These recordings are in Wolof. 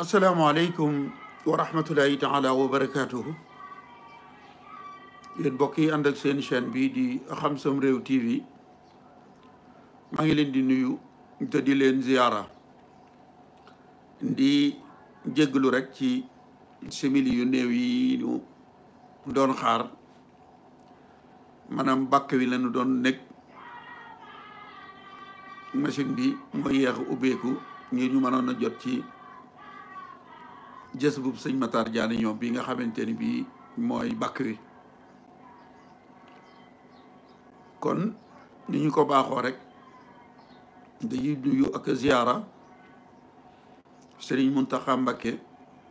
assalaamu aleykum wa rahmatullahi taala wa barakaatuhu yéen mbokk yi ànd ak seen chaîne bii di Xam Sam Réew TV maa ngi leen di nuyu te di leen ziyaara di jégglu rek ci simili yu néew yi ñu doon xaar maanaam bàkk wi lañu doon nekk machine bi mooy yeex ubbeeku ngir ñu mënoon a jot ci jës bub sëñ Matar Jaane ñoom bi nga xamante ni bii mooy bàkk wi kon ni ñu ko baaxoo rek dañuy nuyu ak ziyaara Sëriñ Muntaxa Mbakke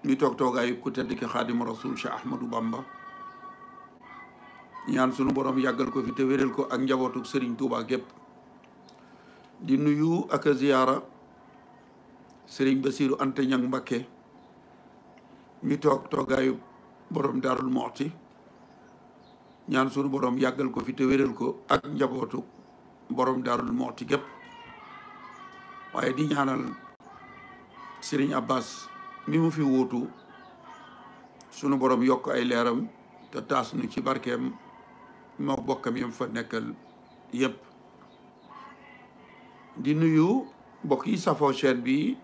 ñu toog toogaayu ku tedd ki xaadimu rasul Cheikh Ahmadou Bamba ñaan sunu borom yàggal ko fi te wéral ko ak njabootu Serigne Touba gépp di nuyu ak a ziyaara Serigne Bassirou Anta Niang Mbacké mi toog toogaayu borom Darou Mouhty ñaan sunu boroom yàggal ko fi te wéral ko ak njabootu boroom Darou Mouhty gépp waaye di ñaanal Serigne Abbas. mi mu fi wuutu sunu borom yokk ay leeram te taas nu ci barkeem moo bokkam yam fa nekkal yépp di nuyu mbokk yi safoo chaîne bi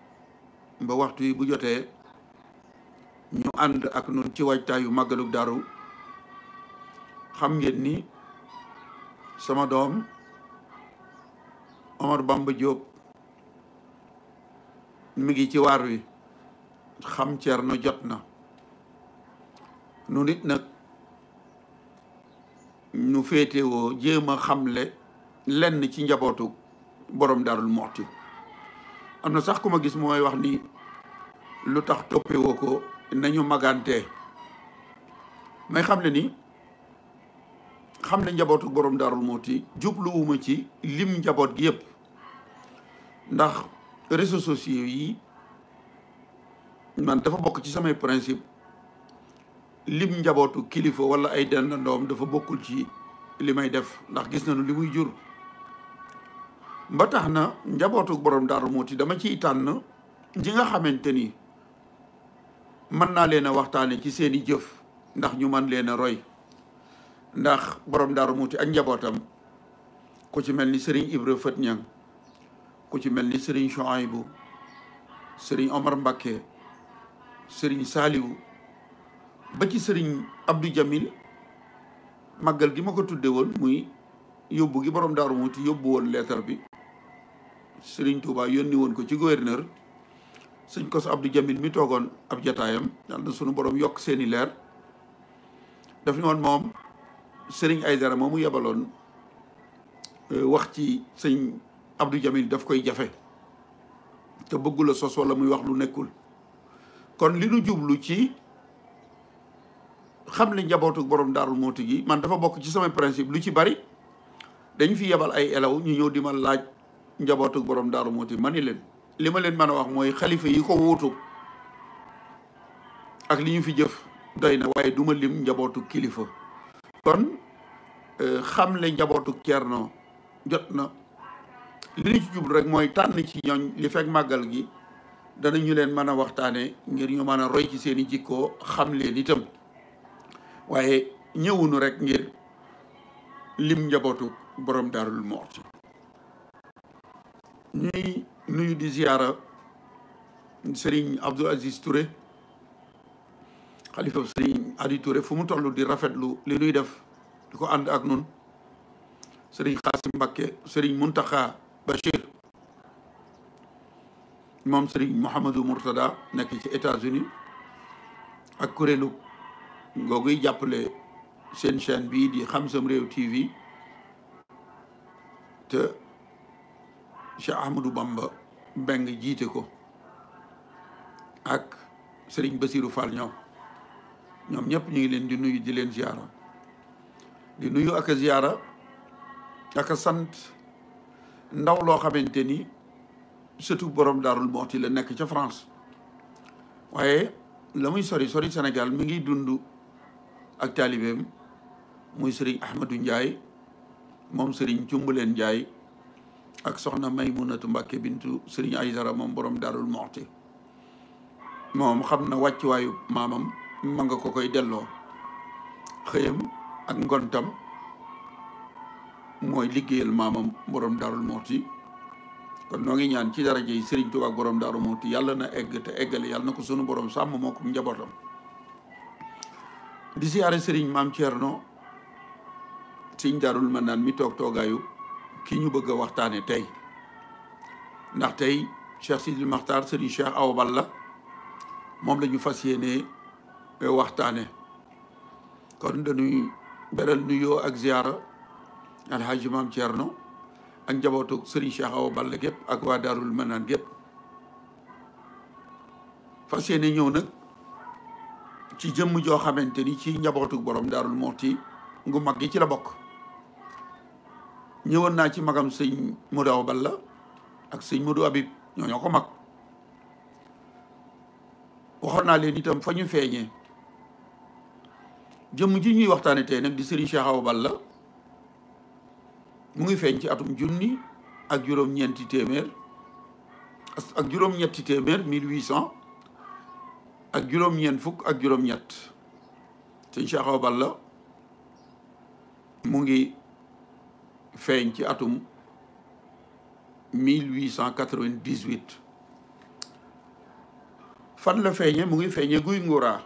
ba waxtu wi bu jotee ñu ànd ak nun ci waajtaayu màggalug daru xam ngeen ni sama doom Omar Bamba Diop mi ngi ci waar wi xam Ceerno jot na nu nit nag nu féetewoo jéem a xamle lenn ci njabootu borom Daarul Muxti am na sax ku ma gis mooy wax ni lu tax toppewoo ko nañu magante may xam le ni xam le njabootu borom Daarul Muxti jubluwuma ci lim njaboot yépp ndax réseaux sociaux yi man dafa bokk ci samay principe lim njabootu kilifa wala ay dendandoom dafa bokkul ci li may def ndax gis nañu li muy jur ba tax na njabootu borom Daaru Muhti dama ciy tànn ji nga xamante ni mën naa leen a waxtaane ci seeni jëf ndax ñu man leen a roy ndax borom Daaru Muhti ak njabootam ku ci mel ni sëriñ Ibra Fët Ñang ku ci mel ni Serigne Chouaïbou Serigne Omar Mbacké sëriñ saaliwu ba ci sëriñ abdu jamil màggal gi ma ko tudde woon muy yóbbu gi borom daaru muuti yóbbu woon leetar bi sëriñ Touba yónni woon ko ci gouverneur sëñ kos abdu jamin mi toogoon ab jataayam yàlla na sunu borom yokk seeni leer daf ne woon moom sëriñ ay Aydara moomu yebaloon euh, wax ci sëñ abdu jamil daf koy jafe te bëggula sos wala muy wax lu nekkul kon li nu jublu ci xam ne njabootu borom daarul mooti gi man dafa bokk ci samay principe lu ci bari dañ fi yebal ay elaw ñu ñëw di ma laaj njabootu borom daarul mooti ma ni leen li ma leen mën a wax mooy xalifa yi ko wuutu ak li ñu fi jëf doy na waaye duma lim njabootu kilifa kon euh, xam le ker no jot na li ñu jublu rek mooy tànn ci ñooñ li fekk màggal gi ñu leen mën a waxtaanee ngir ñu mën a roy ci seen i jikkoo xam leen itam waaye ñëwunu rek ngir lim njabootu borom daarul moxti ñuy nuyu di ziyaara sëriñ Abdou Aziz Touré xalifa sëriñ Adi Touré fu mu toll di rafetlu li nuy def di ko ànd ak nun sëriñ Xaasim Mbakke sëriñ Muntaxa Bachir moom sëriñ Mouhamadou Mourtada nekk ci États-Unis ak kuréelu googuy jàppale seen chaîne bii di Xam Sam Réew TV te Cheikh Ahmadou Bamba Mbeng jiite ko ak sëriñ Basiru Fall ñoom ñoom ñëpp ñu ngi leen di nuyu di leen ziara di nuyu ak a ziara ak sant ndaw loo xamante ni surtout borom daarul moxti la nekk ca France waaye la muy sori sori Sénégal mi ngi dund ak taalibeem muy sëriñ ahmadu Ndiaye moom sëriñ Cumbuleen Ndiaye ak soxna Maymunatu Mbàkke bintu sëriñ Aydara moom borom daarul moxti mom xam na wàccuwaayu maamam ma nga ko koy delloo xëyam ak ngontam mooy liggéeyal maamam borom daarul moxti kon noo ngi ñaan ci daraja yi Serigne Touba borom Daaru Muxti yàlla na egg te eggale yàlla na ko sunu borom sàmm moo ko njabootam di siyaare Serigne maam Thierno Serigne Daarul Manaan mi toog toogaayu ki ñu bëgg a waxtaane tey ndax tey Cheikh Sidil Maxtaar Serigne Cheikh Awa Balla moom la ñu fas yéene eh, waxtaane kon dañuy beral nuyoo ak ziyaara alxaaji maam no ak njabootu Serigne Cheikh Awa Balla gépp ak waa Daarul Manaan gépp fas yéene ñëw nag ci jëmm joo xamante ni ci njabootu borom Daarul Muxti ngu mag gi ci la bokk ñëwoon naa ci magam sëñ Modou Awa Balla ak sëñ Modou Habib ñoo ñoo ko mag waxoon naa leen itam fa ñu feeñee jëmm ji ñuy waxtaane tey nag di Serigne Cheikh Awa Balla mu ngi feeñ ci atum junni ak juróom-ñeenti téeméer ak juróom-ñetti téeméer mille ak juróom-ñeent fukk ak juróom-ñett sëñ Cheikh la mu ngi feeñ ci atum mille huit cent fan la feeñe mu ngi feeñe guy nguraa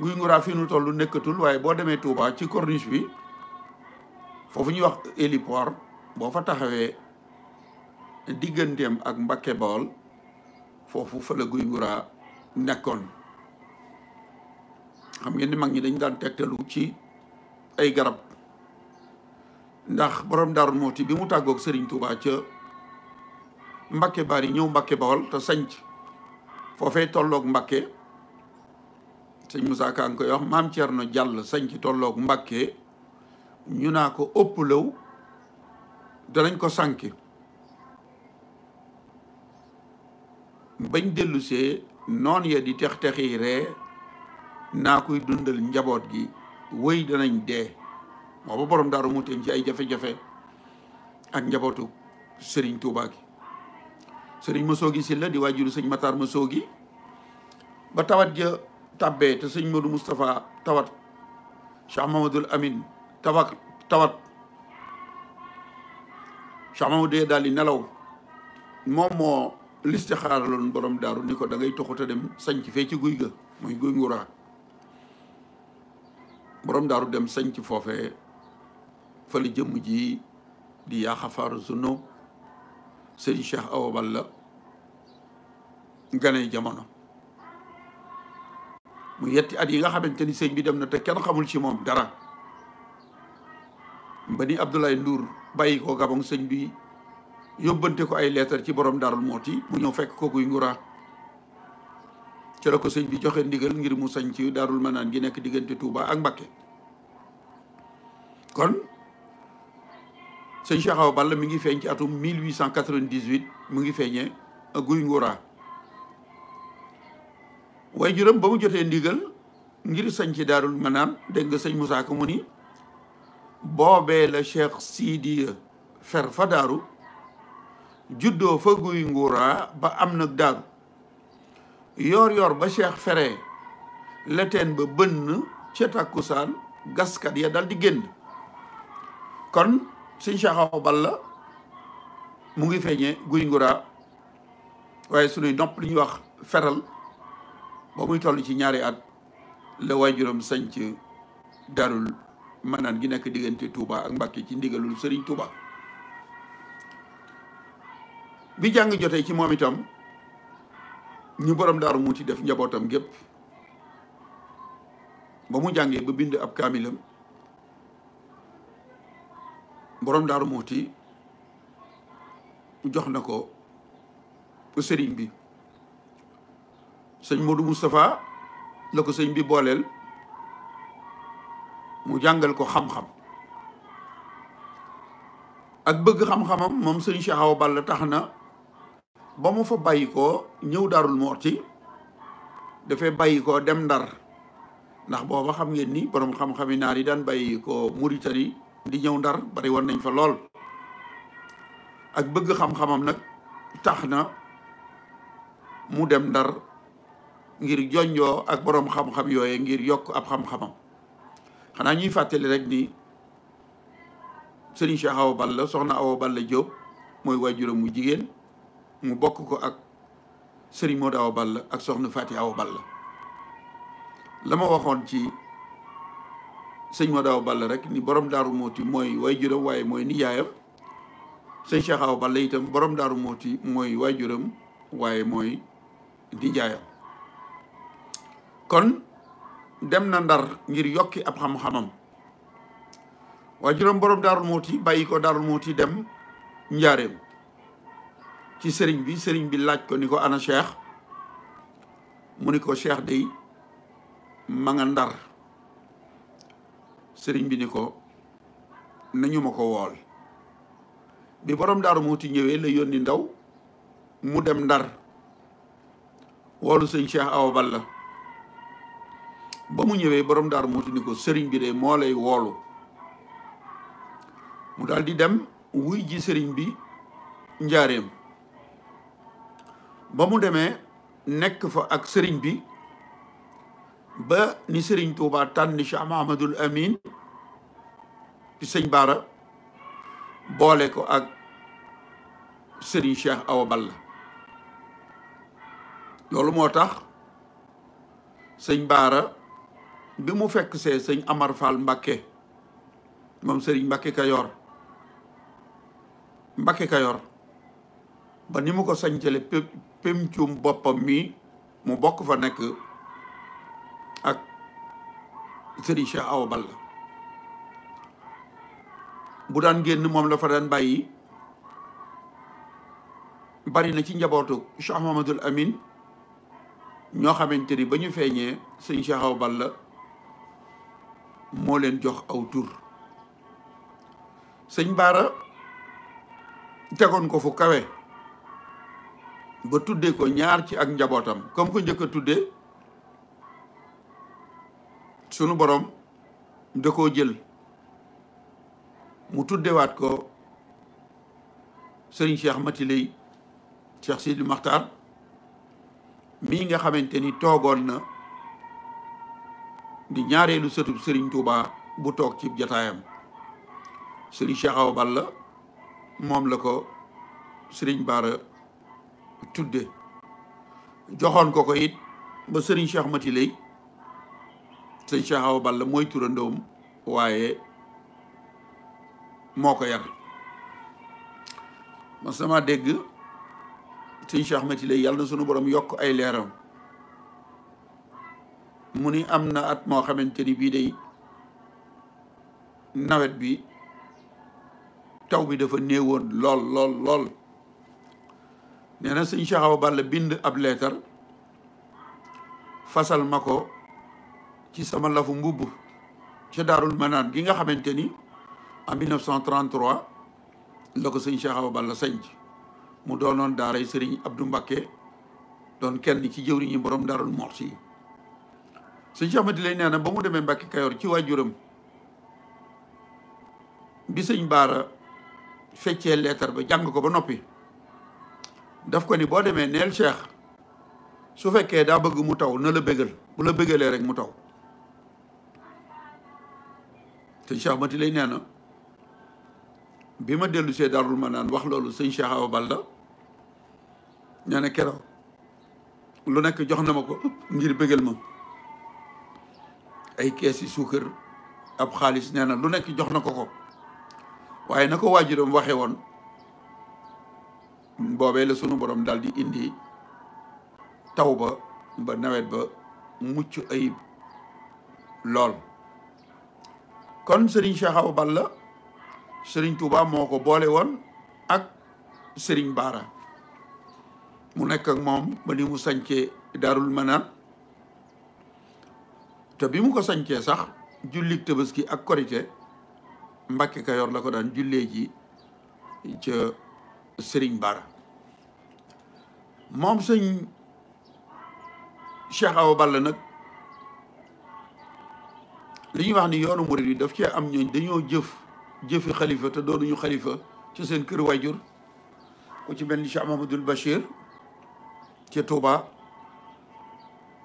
guy nguraa fi nu toll nekkatul waaye boo demee tuubaa ci corniche bi foofu ñuy wax héliport boo fa taxawee digganteem ak mbake Bawol foofu fa la nekkoon xam ngeen ni mag ñi dañ daan tegtalu ci ay garab ndax borom Daaru Muxti bi mu tàggoog Serigne Touba ca mbake Bari ñëw Mbacké Bawol te sanc foofee tolloog mbake sëñ Moussa Ka nga koy wax maam Thierno Jàll sanc tolloog mbake ñu naa ko ëpp lëw danañ ko sànki bañ dellusee noon ya di tex texi ree naa koy dundal njaboot gi wëy danañ dee moo ba borom daaru mu ci ay jafe-jafe ak njabootu sëriñ Tuubaa gi sëriñ Masoogi Silla di waajuru sëñ Matar Masoogi ba tawat ja tàbbee te sëñ Modou Moustapha tawat Cheikh Mamadou Amin tabak tawat Cheikh Mamadou dee daal di nelaw moom moo listixaaraloon borom daaru ni ko da ngay toxuta dem sanc fee ci guy ga muy guy nguraa borom daaru dem sanc foofee fa la jëm ji di yaaxafaar zuno sëriñ Cheikh Awa Balla gane jamono mu yetti at yi nga xamante ni sëñ bi dem na te kenn xamul ci moom dara ba ni Abdoulaye Ndour bàyyi ko Gabon sëñ bi yóbbante ko ay leetar ci borom Darou Mouhty mu ñëw fekk ko guy Ngoura ci la ko sëñ bi joxe ndigal ngir mu sañ ci Daarul gi nekk diggante Touba ak Mbakke kon sëñ Cheikh Awa mi ngi feeñ ci atum 1898 mu ngi feeñee guy Ngoura waaye juróom ba mu jotee ngir sañ ci Daarul Manaan dégg nga sëñ Moussa Ka mu ni boobee la cheikh Sidi fer fa daaru juddoo fa guy nguuraa ba am nag daaru yoor yoor ba cheikh feree leteen ba bënn ca takkusaan gaskat ya dal di génn kon suñ Cheikh Balla mu ngi feeñee guy nguraa waaye sunuy nopp li ñuy wax feral ba muy toll ci ñaari at la waajuram sanc darul manan gi nek diggante Touba ak mbacke ci ndigalul Serigne Touba bi jang jotey ci moom itam ñu borom daaru mu ci def njabotam gep ba mu jangé ba bind ab kamilam borom daaru ci jox nako ko serigne bi serigne Modou mustapha lako serigne bi bolel mu jàngal ko xam-xam ak bëgg xam-xamam moom sëriñ Cheikh Awa Balla tax na ba mu fa bàyyi ko ñëw Daarul Muxti dafay bàyyi ko dem Ndar ndax booba xam ngeen ni borom xam-xami naar yi daan bàyyi ko Muritani di ñëw Ndar bari woon nañ fa lool ak bëgg xam-xamam nag tax na mu dem Ndar ngir jonjoo ak borom xam-xam yooye ngir yokk ab xam-xamam xanaa ñuy fàttali rek ni sëriñ Cheikh Awa Balla soxna Awa Balla Diop mooy waajuram mu jigéen mu bokk ko ak sëriñ Modou Awa Balla ak soxna Fati Awa Balla la ma waxoon ci sëñ Modou Awa Balla rek ni boroom daaru mooti mooy waajuram waaye mooy nijaayam sëñ Cheikh Awa Balla itam borom daaru mooti mooy waajuram waaye mooy nijaayam kon dem na ndar ngir yokki ab xam-xamam waajuram borom darul muti bayiko ko muti dem njaareem ci serigne bi serigne bi laaj ko niko ana cheikh muniko cheikh de ma nga ndar serigne bi niko ko nañu mako wol bi borom darul muti ñewé la yoni ndaw mu dem ndar wolu serigne cheikh awa ba mu ñëwee borom daaru moo sëriñ bi de moo lay woolu mu daldi dem wuy ji sëriñ bi njaareem ba mu demee nekk fa ak sëriñ bi ba ni sëriñ Tuubaa tànn Cheikh Mahamadul Amin di sëñ Baara boole ko ak sëriñ Cheikh Awa Balla loolu moo tax sëñ Baara bi mu fekk see sëñ Amar Fall Mbakke moom sëriñ Mbakke Kayor Mbakke Kayor ba ni mu ko sañcale pémcum boppam mi mu bokk fa nekk ak sëriñ Cheikh Awa Balla bu daan génn moom la fa daan bàyyi bari na ci njabootu Cheikh Mamadou amin ñoo xamante ni ba ñu feeñee sëñ aw Awa la moo leen jox aw tur sëñ Baara tegoon ko fu kawe ba tuddee ko ñaar ci ak njabootam comme ko njëkk a tuddee sunu borom da koo jël mu tuddewaat ko sëriñ Cheikh Mati Lay si Sidi Makhtar mii nga xamante ni toogoon na di ñaareelu sëtub Serigne Touba bu toog ci jataayam Serigne Cheikh Awa Balla moom la ko sëriñ Bara tudde joxoon ko ko it ba sëriñ Cheikh Mati Lay Serigne Cheikh Awa Balla mooy turandoom waaye moo ko yar man sama dégg Serigne Cheikh Mati Lay yàlla na sunu borom yokk ay leeram mu ni am na at moo xamante ni bii day nawet bi taw bi dafa néewoon lool lool lool nee sëñ Cheikh Awa Balla bind ab leetar fasal ma ko ci sama lafu mbubb ca daarul manaan gi nga xamante ni am 1933 la ko sëñ Cheikh Awa Balla sanc mu doonoon daaray sëriñ Abdou Mbacké doon kenn ci jëwriñi borom daarul Muxti su Cheikh lay nee na ba mu demee Mbàkke Kayoor ci waajuram bi sëñ Baara feccee leetar ba jàng ko ba noppi daf ko ni boo demee neel Cheikh su fekkee daa bëgg mu taw na la bëggal bu la bëggalee rek mu taw sëñ Cheikh Mati lay nee na bi ma dellu see Daarul Manaan wax loolu sëñ Cheikh Awa Balla nee lu nekk jox na ma ko ngir bëggal ma ay kees yi suukar ab xaalis nee na lu nekk jox na ko ko waaye na ko waajuram waxe woon boobee la sunu borom daal di indi taw ba ba nawet ba mucc ayib lool kon sëriñ Cheikh Awa Balla Serigne Touba moo ko boole woon ak Serigne Baara mu nekk ak moom ba ni mu sañcee Daarul Manaan te bi mu ko sañcee sax jullik tabaski ak korite Mbàkke kayoor la ko daan jullee ji ca Sëriñ Bara moom sëñ Cheikh Awa nag li ñu wax ni yoonu murid yi daf cee am ñooñ dañoo jëf jëfi xalifa te doonuñu xalifa ci seen kër wayjur ku ci mel ni ci Mahamadul Bachir ca Touba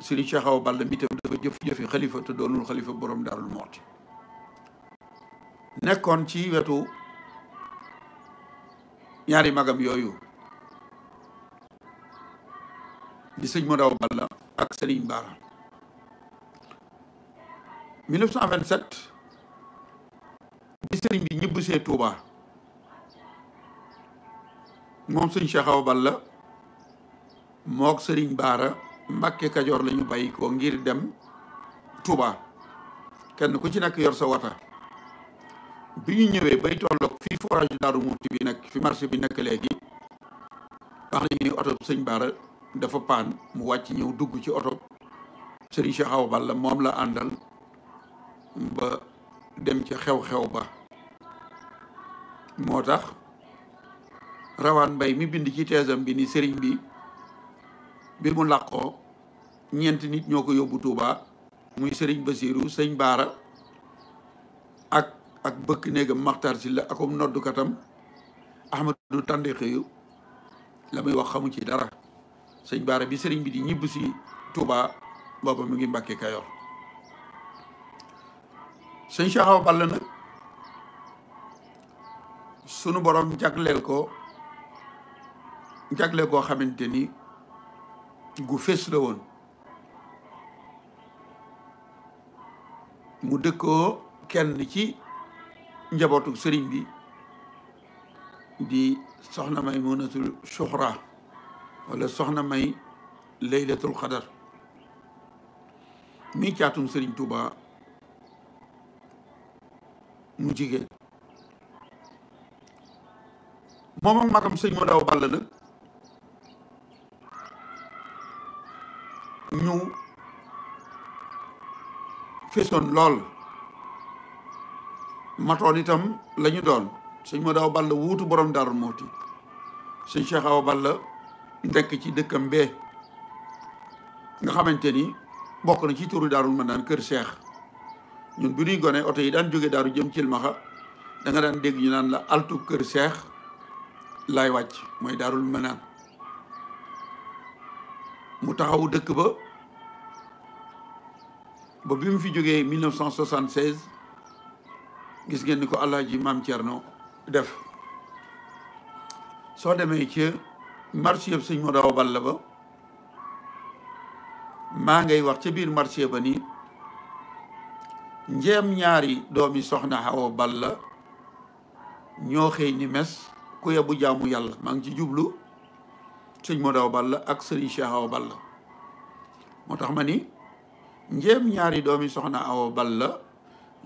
Serigne Cheikh Awa Balla mi itam dafa jëf jëfi xalifa te doonul xalifa borom Daaru Muxti nekkoon ci wetu ñaari magam yooyu di sëñ Modou Awa Balla ak Serigne Bara 1927 bi sëriñ bi ñibbisee Touba moom sëñ Cheikh Awa Balla mook Serigne Bara mbakke Kajoor lañu ñu ko ngir dem Touba kenn ku ci nekk yor sa wata bi ñu ñëwee bay tolloog fii forage Daaru Muxti bi nekk fi marché bi nekk léegi wax nañu ni oto sëñ Baara dafa paan mu wàcc ñëw dugg ci oto Serigne Cheikh Awa bala moom la àndal ba dem ci xew-xew ba moo tax rawaan mbay mi bind ci teesam bi ni sëriñ bi bi mu laqo ñent nit ñoko yobbu Touba muy Serigne Basirou serigne bara ak ak bëkk ci la akum akom katam Ahmadou Tandéxiyu la muy wax xamu ci dara serigne bara bi Serigne bi di ñibbu ci Touba booba mu ngi mbacke kayo serigne Cheikh Balla nak sunu borom jaglel ko jaglel ko xamanteni gu fés la woon mu dëkkoo kenn ci njabootu sëriñ bi di soxna may munatul suxra wala soxna may laylatul xadar mi caatum sëriñ Tuuba mu jigéen moom ak magam sëñ mu daw bàll nag ñu feesoon lool matoon itam la ñu doon sëñ ma daaw wuutu boroom daaru mooti sëñ Cheikh Awa Balla nekk ci dëkkam bee nga xamante ni bokk na ci turu daarul man daan kër Cheikh ñun bu ñuy gone oto yi daan jóge daaru jëm cilmaxa danga nga daan dégg ñu naan la altu kër Cheikh laay wàcc mooy daarul manaan mu taxawu dëkk ba ba bi mu fi jógee 1976 gis ngeen ni ko Alaaji Maam Thierno def soo demee ci marché yëpp sëñ Modou Awa Balla ba maa ngay wax ca biir marché ba ni njeem ñaari doomi soxna Awa Balla ñoo xëy ni mes ku yebu jaamu yàlla maa ngi ci jublu sëñ Modou Awa Balla ak sëriñ Cheikh Awa Balla moo tax ma ni njéem ñaari doomi soxna Awa Balla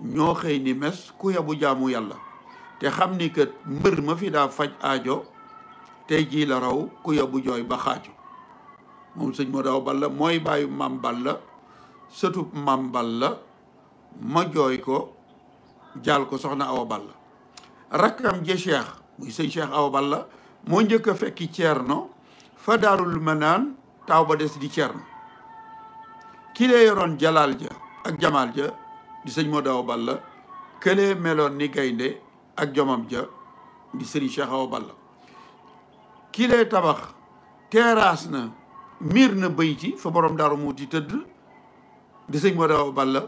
ñoo xëy ni mes ku yabu jaamu yàlla te xam ni que mbër ma fi daa faj ajo tey jii la raw ku yabu jooy ba xaaju moom sëñ Modou Awa Balla mooy bàyyi Maam Balla sëtub Maam Balla ma jooy ko jaal ko soxna Awa Balla rakkam je Cheikh muy sëñ Cheikh Awa Balla moo njëkk a fekki Ceerno fa daarul manaan taaw ba des di Cerno ki lee yoroon jalaal ja ak jamaal ja di sëñ Modou Balla këlee meloon ni gaynde ak jomam ja di sëriñ Cheikh Awa Balla ki tabax teeraas na miir na bayti fa borom daaru muuti tëdd di sëñ Modou Awa Balla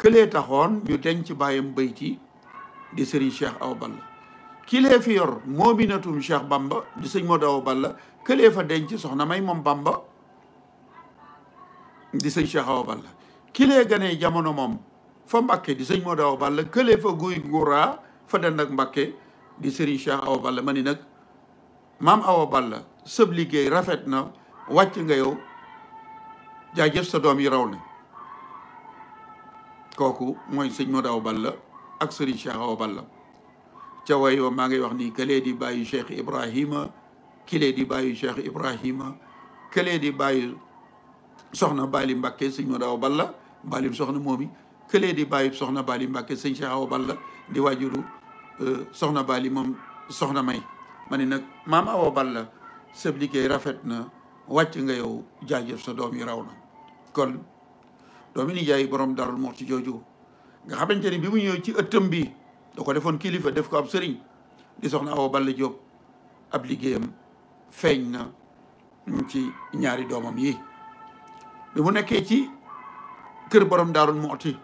këlee taxoon ñu denc bàyyam bayti di sëriñ Cheikh aw Balla ki lee fi yor moominatum Cheikh Bamba di sëñ Modou Awa Balla këlee fa denc soxna may moom Bamba di sëñ Cheikh Awa Balla kilee ganee jamono moom fa Mbakke di sëñ Modou Awa Balla këlee fa guy nguuraa fa dend ak Mbakke di sëriñ Cheikh Awa Balla ma ni nag maam Awa Balla sëb liggéey rafet na wàcc nga yow jaajëf sa doom yi raw na kooku mooy sëñ Modou Awa Balla ak sëriñ Cheikh Awa Balla ca way maa ngi wax ni këlee di bàyyi Cheikh Ibrahima kile di bàyyi Cheikh Ibrahima kële di bàyyi soxna Bali Mbacke sëñ Modou Awa Balla Bali soxna moomi kële di bàyyi soxna Bali Mbacke sëñ Cheikh Awa Balla di waajuru soxna Bali moom soxna May ma ne nag maam Awa Balla sa liggéey rafet na wàcc nga yow jaajëf sa doom yi raw na kon doomi nijaay borom darul mox ci jooju nga xamante ni bi mu ñëw ci ëttam bi da ko defoon kilifa def ko ab sëriñ di soxna Awa Balla Diop ab liggéeyam feeñ na ci ñaari doomam yi bi mu nekkee ci kër borom daarul mooti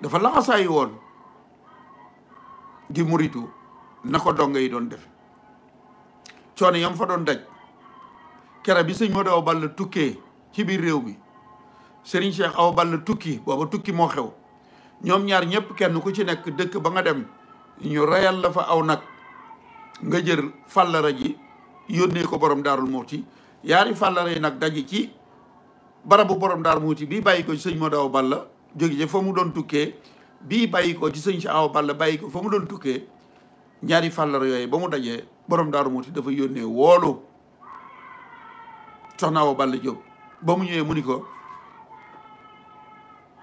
dafa laxasaayi woon di muritu na ko donga yi doon def coono yam fa doon daj kere bi sëñ Modou Awa Balla tukkee ci biir réew mi sëriñ Cheikh Awa Balla tukki booba tukki moo xew ñoom ñaar ñépp kenn ku ci nekk dëkk ba nga dem ñu reyal la fa aw nag nga jël fàllara ji yónnee ko borom daarul muuti yaari fàllare yi nag daje ci barabu borom daarul muuti bii bàyyi ci sëñ Modou Awa Balla jóge ci fa mu doon tukkee bii bàyyikoo ko ci sëñ si Awa Balla bàyyi fa mu doon tukkee ñaari fàllare yooyu ba mu dajee borom daarul muuti dafa yónnee woolu soxna Awa Balla Diop ba mu ñëwee mu ni ko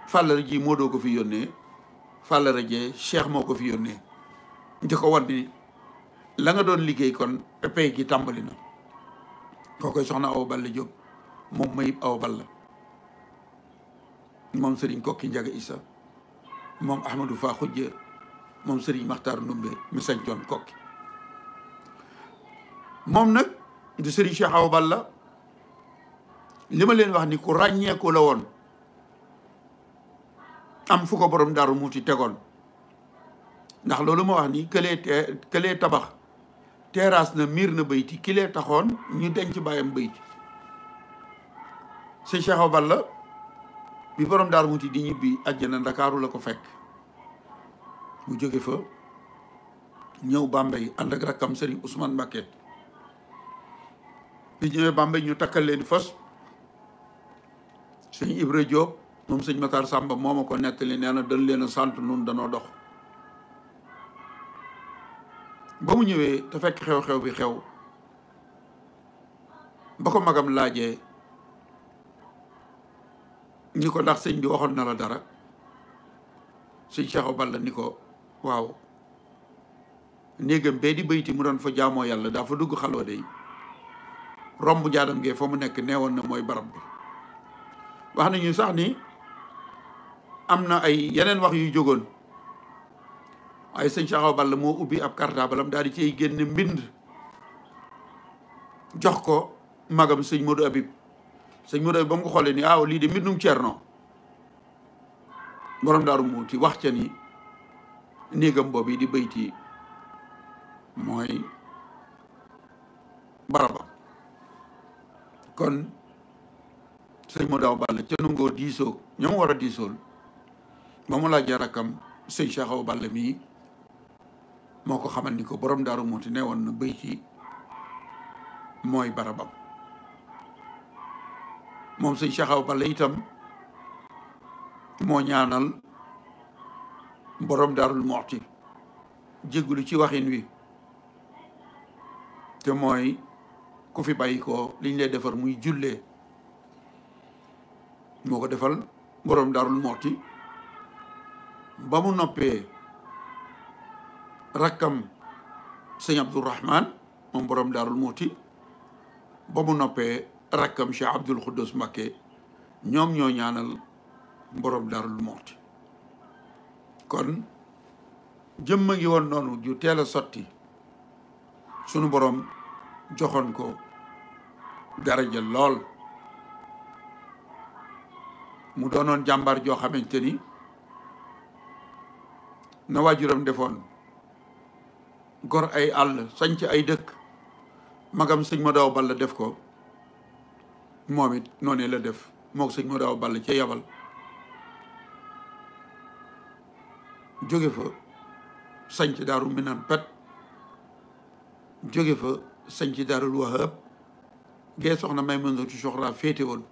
fàllare ji moo doo ko fi yónnee fàllare jee cheikh moo ko fi yónnee di ko wan ni la nga doon liggéey kon pay gi tàmbali na koo koy soxna aw balla Jóob moom mayib aw balla moom sëriñ kokki njaga isa moom ahmadou fa xujje moom sëriñ maxtaar ndumbe mi sañcoon kokki moom nag du sëriñ Cheikh aw balla li ma leen wax ni ku ràññeeku la woon am fu ko borom daaru muuti tegoon ndax loolu ma wax ni këlee tabax teeraas na miir na bayti ki lee taxoon ñu denc bàyyam bayti si Cheikh Balla bi borom daar mu ti di ñibbi àjjana ndakaaru la ko fekk mu jóge fa ñëw Bambey ànd ak rakkam Serigne Ousmane Mbacké bi ñëwee Bambey ñu takkal leen fas sëñ Ibra Diop moom sëñ Matar Samba moo a ko nettali nee na dañ leen sant nun danoo dox ba mu ñëwee te fekk xew-xew bi xew ba ko magam laajee ni ko ndax sëñ bi waxoon na la dara sëñ Cheikh Balla ni ko waaw néegam bee di bayti mu doon fa jaamoo yàlla daa fa dugg xalwa day romb jaadam gee fa mu nekk neewoon na mooy barab bi wax nañu sax ni am na ay yeneen wax yu jógoon waaye sëñ Cheikh Balla moo ubbi ab cartable am daal di cay génne mbind jox ko magam sëñ Modou Habib sëñ Modou Habib ba mu ko xoolee ni aaw lii de mbindum Ceerno borom daaru muuti wax ca ni néegam boobu di bayti mooy baraba kon sëñ Modou Awa Balla ca nungoo diisoo ñoom war a diisool ba mu laajee rakkam sëñ Cheikh Awa mii moo ko xamal ni ko boroom daaru muuti ne woon na bëy ci mooy barabam moom sëñ Cheikh Awa itam moo ñaanal boroom borom daarul muuti jéggulu ci waxin wi te mooy ku fi bàyyi ko liñ lay defar muy jullee moo ko defal borom daarul muuti ba mu noppee rakkam sëñ Abdourahman moom mboroom daarul muuti ba mu noppee rakkam Cheikh Abdoul Khoudous Mbacké ñoom ñoo ñaanal borom daarul muuti kon jëmma ngi woon noonu ju teel a sotti sunu borom joxoon ko daraja lool mu doonoon jàmbaar joo xamante ni na waajuram defoon gor ay àll sañc ay dëkk magam sëñ ma daaw ball def ko moom it noonu la def moo ko sëñ ma daaw ball ca yabal jóge fa sañc daaru minan pet jóge fa sañc daarul wahab gee soxna may mën ci soxraa féete woon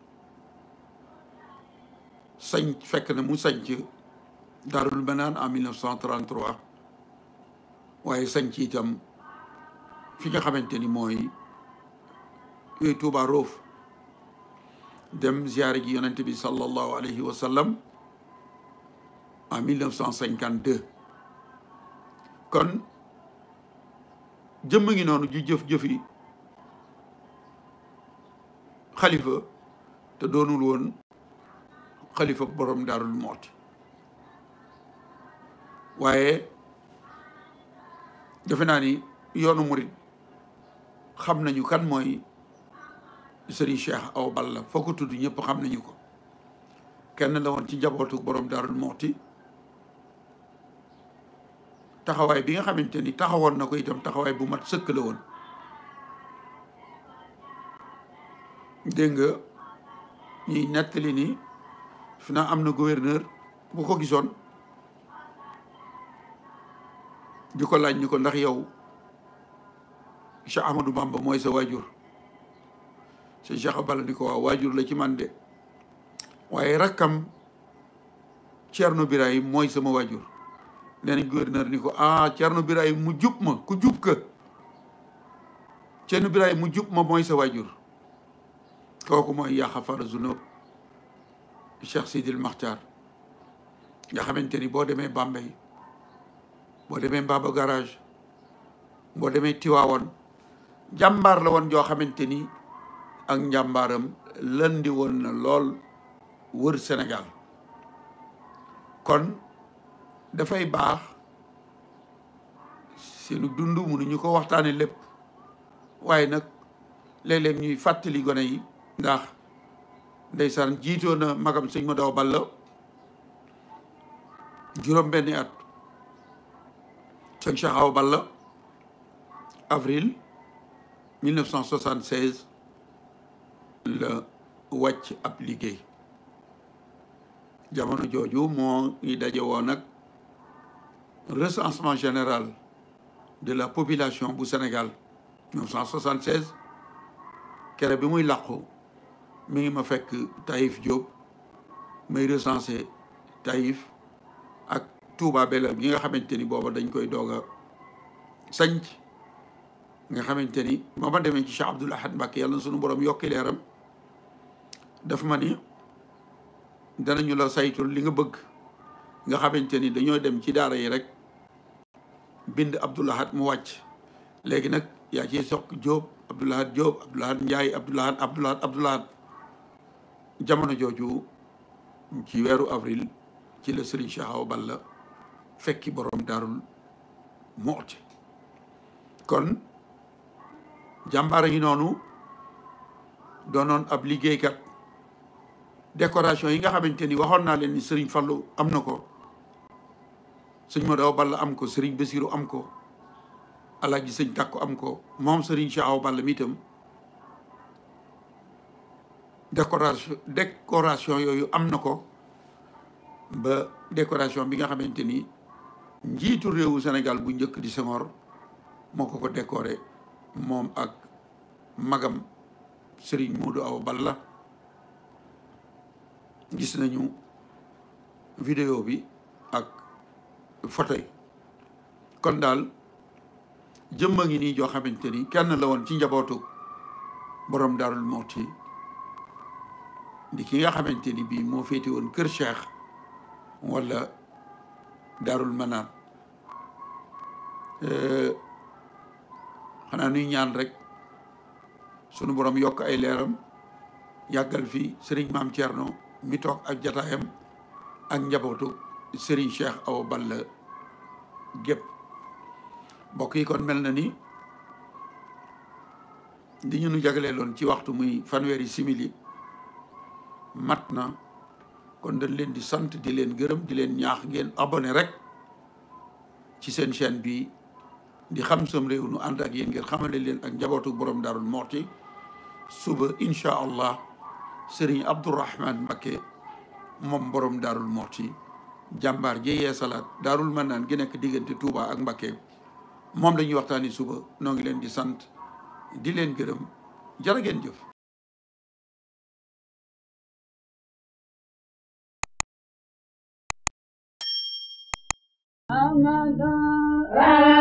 sañ fekk na mu sañc daarul benaan en 1933 waaye ci itam fi nga xamante ni mooy Touba Roof dem ziyaare gi yonent bi sallallahu alayhi wa sallam en 1952 kon jëmm ngi noonu ju jëf-jëfi xalifa te doonul woon xalifa borom darul mooti waaye defe naa ni yoonu murit xam nañu kan mooy sëriñ Cheikh Awa Balla foo ko tudd ñëpp xam nañu ko kenn la woon ci njabootu borom Daarul Muxti taxawaay bi nga xamante ni taxawoon na ko itam taxawaay bu mat sëkk la woon dégg nga ñuy nettali ni fi naa am na gouverneur bu ko gisoon di ko laaj ni ko ndax yow Cheikh Ahmadou Bamba mooy sa waajur sa Cheikh Abala ni ko waaw waajur la ci man de waaye rakkam Thierno Birahim mooy sama waajur nee nañ gouverneur ni ko ah Thierno Birahim mu jub ma ku jub ka Thierno Birahim mu jub ma mooy sa waajur kooku mooy yaa xafara zunub Cheikh Sidil Makhtar nga xamante ni boo demee Bambey boo demee Mbaba garage boo demee Tiwaawoon jàmbaar la woon joo xamante ni ak njàmbaaram lëndi woon na lool wër Sénégal kon dafay baax seenu dund ñu ko waxtaane lépp waaye nag léeg-léeg ñuy fàttali gone yi ndax ndeysaan jiitoo na magam sëñ ma daw balla juróom benni at sëñ Cheikh avril 1976 la wàcc ab liggéey jamono jooju moo ngi daje recensement général de la population du Sénégal 1976 kere bi muy làqu mi ngi ma que Taïf Diop may recenser Taïf Touba Belel gi nga xamante ni booba dañ koy dooga sañc nga xamante ni ma ma demee ci Cheikh Abdoul Ahad Mbacké yàlla na sunu borom yokki leeram daf ma ni danañu la saytul li nga bëgg nga xamante ni dañoo dem ci daara yi rek bind Abdoul Ahad mu wàcc léegi nag yaa ci soq Diop Abdoul Ahad Diop Abdoul Ahad Ndiaye Abdoul Ahad jamono jooju ci weeru avril ci la Serigne Cheikh Awa Balla fekki boroom daarul mooti kon jàmbaar yi noonu doonoon ab liggéeykat décoration yi nga xamante ni waxoon naa leen ni Serigne Fallou am na ko sëñ Modou Balla am ko Serigne Bassirou am ko Alaaji sëñ Tàkko am ko moom Serigne Cheikh Balla miitam itam décoration décoration yooyu am na ko ba décoration bi nga xamante ni njiitu réewu Sénégal bu njëkk di Senghor moo ko ko décoré moom ak magam Serigne Modou Awa Balla gis nañu vidéo bi ak photo kon daal jëmma ngi nii joo xamante ni kenn la woon ci njabootu boroom Daarul Muhti di ki nga xamante ni bii moo féete woon kër Cheikh wala daarul manaan eh, xanaa nuy ñaan rek sunu borom yokk ay leeram yàggal fi sëriñ maam Thierno mi toog ak jataayam ak njabootu sëriñ Cheikh Awa Balla gépp mbokk yi kon mel na ni di ñu nu jagleeloon ci waxtu muy fanweeri simili mat na kon dañ leen di sant di leen gërëm di leen ñaax ngeen abonné rek ci seen chaîne bi di xam sam réew nu ànd ak yéen ngir xamale leen ak njabootu borom Darou Mouhty suba incha allah sëriñ Abdourahman mbake moom borom Darou Mouhty jàmbaar ji yeesalaat daarul mën naan gi nekk diggante Touba ak Mbacké moom la ñuy waxtaani suba noo ngi leen di sant di leen gërëm jërë ngeen jëf Radha. Radha.